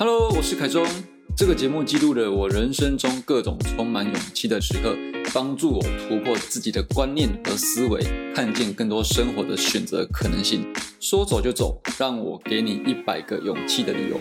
哈嘍，我是凱中。這個節目記錄了我人生中各種充滿勇氣的時刻，幫助我突破自己的觀念和思維，看見更多生活的選擇可能性。說走就走，讓我給你一百個勇氣的理由。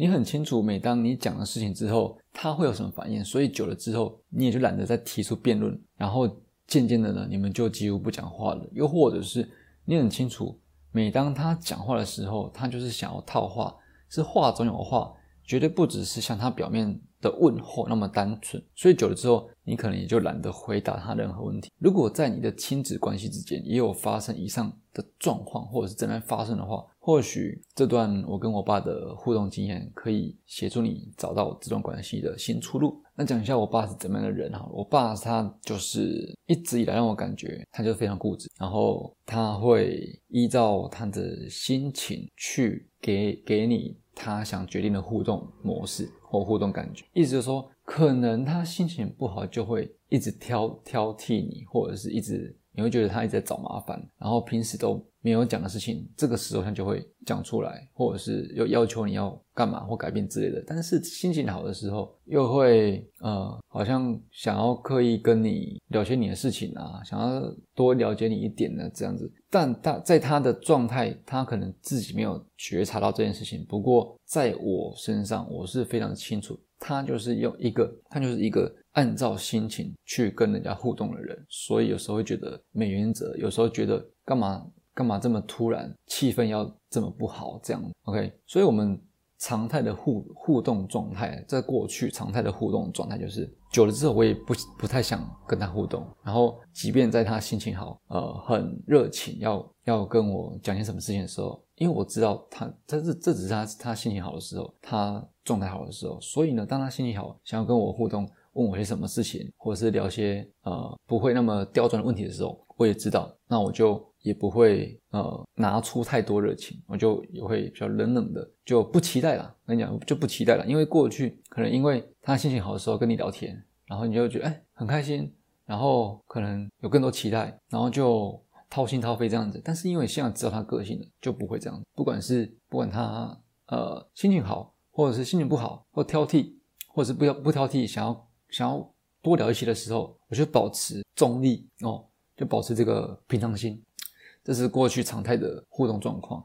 你很清楚，每當你講的事情之後，他會有什麼反應，所以久了之後，你也就懶得再提出辯論。然後漸漸的呢，你們就幾乎不講話了。又或者是你很清楚，每當他講話的時候，他就是想要套話，是話中有話。絕對不只是像他表面的問候那麼單純，所以久了之後，你可能也就懶得回答他任何問題。如果在你的親子關係之間也有發生以上的狀況，或者是正在發生的話，或許這段我跟我爸的互動經驗可以協助你找到這段關係的新出路。那講一下我爸是怎麼樣的人哈，我爸是他就是一直以來讓我感覺他就非常固執，然後他會依照他的心情去給給你，他想決定的互動模式或互動感覺，意思就是說，可能他心情不好就會，一直挑挑剔你，或者是一直你會覺得他一直在找麻煩，然後平時都沒有講的事情，這個時候他就會講出來，或者是又要求你要幹嘛或改變之類的。但是心情好的時候，又會呃，好像想要刻意跟你了解你的事情啊，想要多了解你一點呢，這樣子。但他在他的狀態，他可能自己沒有覺察到這件事情。不過在我身上，我是非常清楚。他就是用一個，他就是一個按照心情去跟人家互動的人，所以有時候會覺得沒原則，有時候覺得幹嘛幹嘛這麼突然，氣氛要這麼不好，這樣 OK？所以，我們常態的互互動狀態，在過去常態的互動狀態就是，久了之後我也不不太想跟他互動，然後即便在他心情好，呃，很熱情，要要跟我講些什麼事情的時候。因為我知道他，這這這只是他他心情好的時候，他狀態好的時候，所以呢，當他心情好，想要跟我互動，問我些什麼事情，或者是聊些呃不會那麼刁鑽的問題的時候，我也知道，那我就也不會呃拿出太多熱情，我就也會比較冷冷的，就不期待了。我跟你講，就不期待了，因為過去可能因為他心情好的時候跟你聊天，然後你就覺得誒、欸、很開心，然後可能有更多期待，然後就。掏心掏肺這樣子，但是因為現在知道他個性了，就不會這樣子。不管是不管他呃心情好，或者是心情不好，或挑剔，或者是不要不挑剔，想要想要多聊一些的時候，我就保持中立哦，就保持這個平常心，這是過去常態的互動狀況。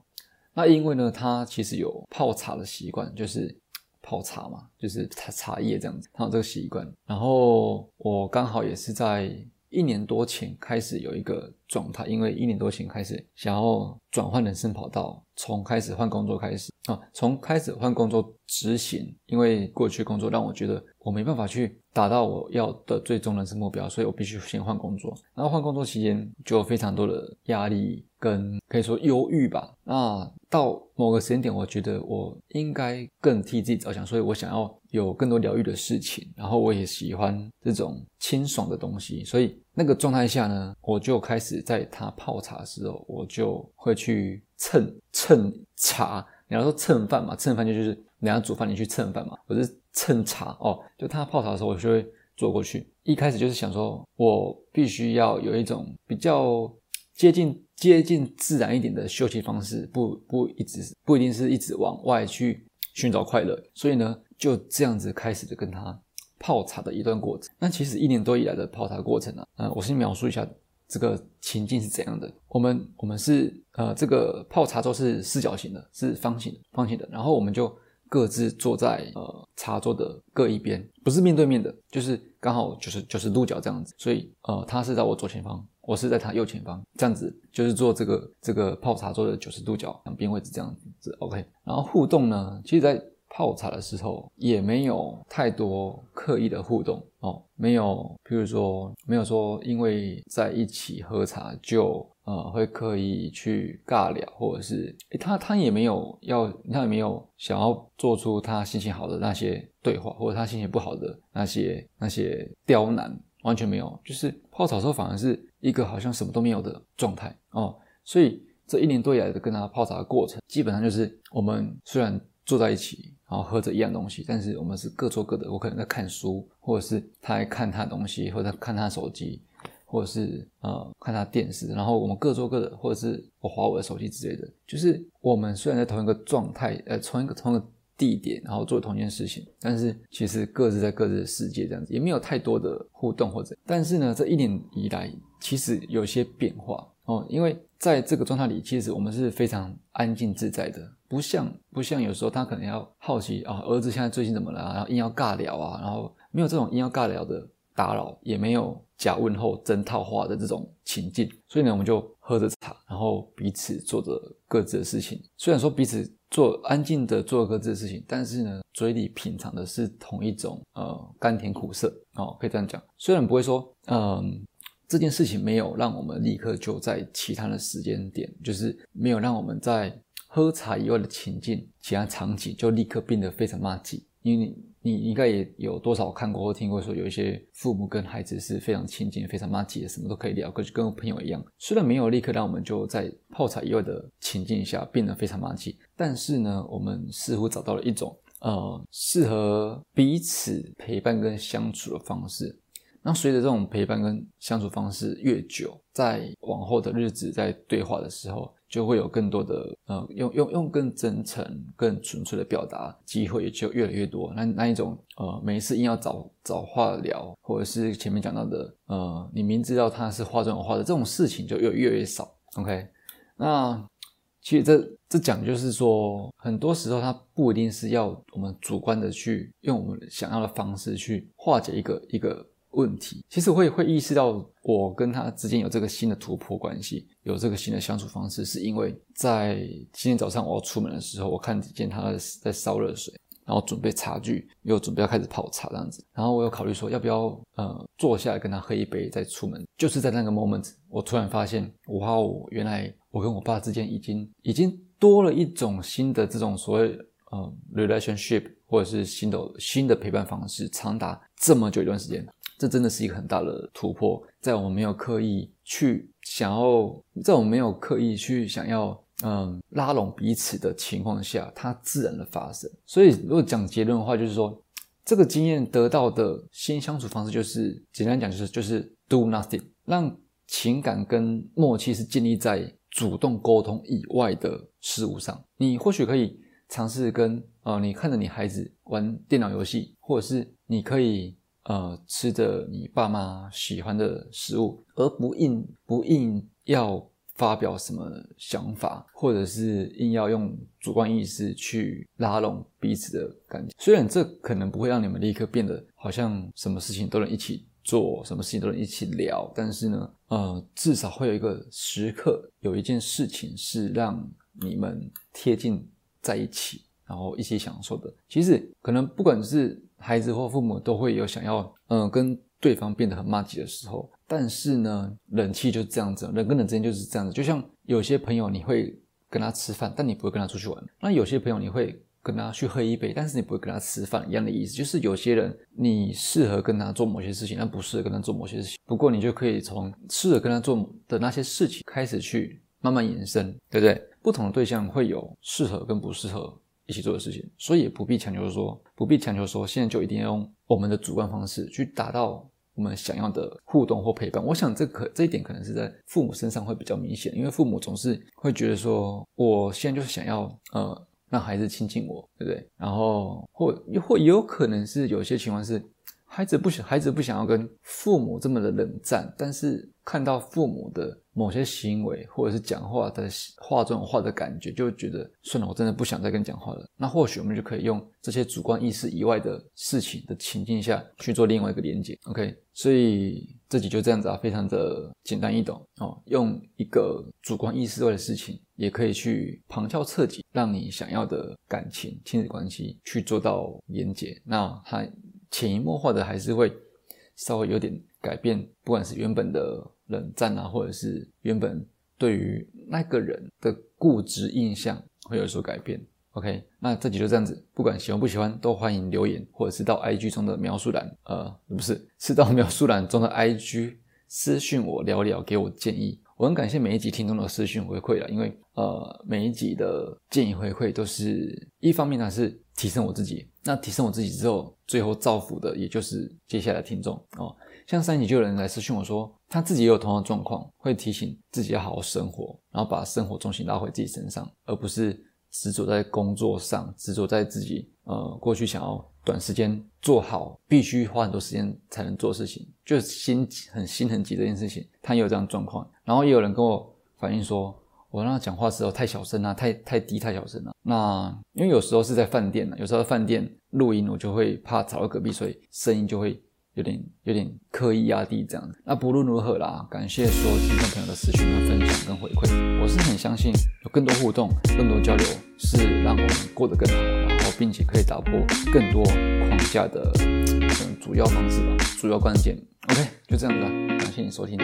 那因為呢，他其實有泡茶的習慣，就是泡茶嘛，就是茶茶葉這樣子，他有這個習慣。然後我剛好也是在。一年多前開始有一個狀態，因為一年多前開始想要轉換人生跑道，從開始換工作開始。啊，從、哦、開始換工作執行，因為過去工作讓我覺得我沒辦法去達到我要的最終人生目標，所以我必須先換工作。然後換工作期間就有非常多的壓力跟可以說憂鬱吧。那到某個時間點，我覺得我應該更替自己着想，所以我想要有更多療癒的事情。然後我也喜歡這種清爽的東西，所以那個狀態下呢，我就開始在他泡茶的時候，我就會去蹭蹭茶。你要說蹭飯嘛，蹭飯就就是人家煮飯，你去蹭飯嘛。我是蹭茶哦，就他泡茶的時候，我就會坐過去。一開始就是想說，我必須要有一種比較接近接近自然一點的休息方式，不不一直不一定是一直往外去尋找快樂。所以呢，就這樣子開始的跟他泡茶的一段過程。那其實一年多以來的泡茶過程呢、啊，呃、嗯，我先描述一下。這個情境是怎樣的？我們我們是呃，這個泡茶桌是四角形的，是方形的，方形的。然後我們就各自坐在呃茶桌的各一邊，不是面對面的，就是剛好就是就是九十度角這樣子。所以呃，他是在我左前方，我是在他右前方，這樣子就是做這個這個泡茶桌的九十度角兩邊位置這樣子。OK，然後互動呢，其實，在。泡茶的時候也沒有太多刻意的互動哦，沒有，比如說沒有說因為在一起喝茶就呃會刻意去尬聊，或者是誒他他也沒有要他也沒有想要做出他心情好的那些對話，或者他心情不好的那些那些刁難，完全沒有，就是泡茶的時候反而是一個好像什麼都沒有的狀態哦，所以這一年多以來的跟他泡茶的過程，基本上就是我們雖然坐在一起。然後喝着一樣東西，但是我們是各做各的。我可能在看書，或者是他在看他的東西，或者看他的手機，或者是呃看他電視。然後我們各做各的，或者是我滑我的手機之類的。就是我們雖然在同一個狀態，呃，同一個同一個地點，然後做同一件事情，但是其實各自在各自的世界，這樣子也沒有太多的互動或者。但是呢，這一年以來，其實有些變化。哦，因為在這個狀態裡，其實我們是非常安靜自在的，不像不像有時候他可能要好奇啊，兒子現在最近怎麼了，然後硬要尬聊啊，然後沒有這種硬要尬聊的打擾，也沒有假問候真套話的這種情境，所以呢，我們就喝着茶，然後彼此做着各自的事情。雖然說彼此做安靜的做着各自的事情，但是呢，嘴裡品嘗的是同一種呃甘甜苦澀啊，哦，可以這樣講。雖然不會說嗯。呃這件事情沒有讓我們立刻就在其他的時間點，就是沒有讓我們在喝茶以外的情境、其他場景就立刻變得非常默契。因為你你應該也有多少看過或聽過說有一些父母跟孩子是非常親近、非常默契的，什麼都可以聊。跟，跟我朋友一樣，雖然沒有立刻讓我們就在泡茶以外的情境下變得非常默契，但是呢，我們似乎找到了一種呃適合彼此陪伴跟相處的方式。那隨着這種陪伴跟相處方式越久，在往後的日子，在對話的時候，就會有更多的呃，用用用更真誠、更純粹的表達機會也就越來越多。那那一種呃，每一次硬要找找話聊，或者是前面講到的呃，你明知道他是話中有話的這種事情就越，就又越來越少。OK，那其實這這講就是說，很多時候他不一定是要我們主觀的去用我們想要的方式去化解一個一個問題，其實我會會意識到我跟他之間有這個新的突破關係，有這個新的相處方式，是因為在今天早上我要出門的時候，我看見他在燒熱水，然後準備茶具，又準備要開始泡茶這樣子，然後我又考慮說要不要呃坐下來跟他喝一杯再出門。就是在那個 moment，我突然發現，哇，哦，原來我跟我爸之間已經已經多了一種新的這種所謂呃 relationship，或者是新的新的陪伴方式，長達這麼久一段時間。這真的是一個很大的突破，在我們沒有刻意去想要，在我沒有刻意去想要嗯拉攏彼此的情況下，它自然的發生。所以，如果講結論的話，就是說，這個經驗得到的新相處方式，就是簡單講，就是就是 do nothing，讓情感跟默契是建立在主動溝通以外的事物上。你或許可以嘗試跟啊、呃，你看着你孩子玩電腦遊戲，或者是你可以。呃，吃着你爸媽喜歡的食物，而不硬，不硬要發表什麼想法，或者是硬要用主觀意識去拉攏彼此的感情。雖然這可能不會讓你們立刻變得好像什麼事情都能一起做，什麼事情都能一起聊，但是呢，呃，至少會有一個時刻，有一件事情是讓你們貼近在一起。然後一起享受的，其實可能不管是孩子或父母，都會有想要嗯、呃、跟對方變得很麻吉的時候。但是呢，人嘛就是這樣子，人跟人之間就是這樣子。就像有些朋友，你會跟他吃飯，但你不會跟他出去玩；那有些朋友，你會跟他去喝一杯，但是你不會跟他吃飯。一樣的意思，就是有些人你適合跟他做某些事情，但不適合跟他做某些事情。不過你就可以從適合跟他做的那些事情開始去慢慢延伸，對不對？不同的對象會有適合跟不適合一起做的事情，所以也不必強求說，不必強求說，現在就一定要用我們的主觀方式去達到我們想要的互動或陪伴。我想這可這一點可能是在父母身上會比較明顯，因為父母總是會覺得說，我現在就是想要呃讓孩子親近我，對不對？然後或或也有可能是有些情況是。孩子不想，孩子不想要跟父母這麼的冷戰，但是看到父母的某些行為或者是講話的話，這種話的感覺，就覺得算了，我真的不想再跟你講話了。那或許我們就可以用這些主觀意識以外的事情的情境下去做另外一個連結，OK？所以這集就這樣子啊，非常的簡單易懂哦。用一個主觀意識外的事情，也可以去旁敲側擊，讓你想要的感情、親子關係去做到連結。那他。潛移默化的還是會稍微有點改變，不管是原本的冷戰啊，或者是原本對於那個人的固執印象會有所改變。OK，那這集就這樣子，不管喜歡不喜歡，都歡迎留言，或者是到 IG 中的描述欄，呃，不是，是到描述欄中的 IG 私訊我聊聊，給我建議。我很感謝每一集聽眾的私信回饋啦，因為呃每一集的建議回饋都是，一方面呢是提升我自己，那提升我自己之後，最後造福的也就是接下來聽眾哦。像上集就有人來私信我說，他自己也有同樣的狀況，會提醒自己要好好生活，然後把生活重心拉回自己身上，而不是。執着在工作上，執着在自己，呃，過去想要短時間做好，必須花很多時間才能做事情，就心很心很急這件事情，他也有這樣狀況。然後也有人跟我反映說，我跟他講話的時候太小聲了、啊，太太低太小聲了、啊。那因為有時候是在飯店、啊，有時候在飯店錄音，我就會怕吵到隔壁，所以聲音就會。有點有點刻意壓低這樣。那不論如何啦，感謝所有聽眾朋友的諮詢跟分享跟回饋，我是很相信有更多互動、更多交流是讓我們過得更好，然後並且可以打破更多框架的嗯主要方式吧，主要關鍵。OK，就這樣子啦，感謝你收聽。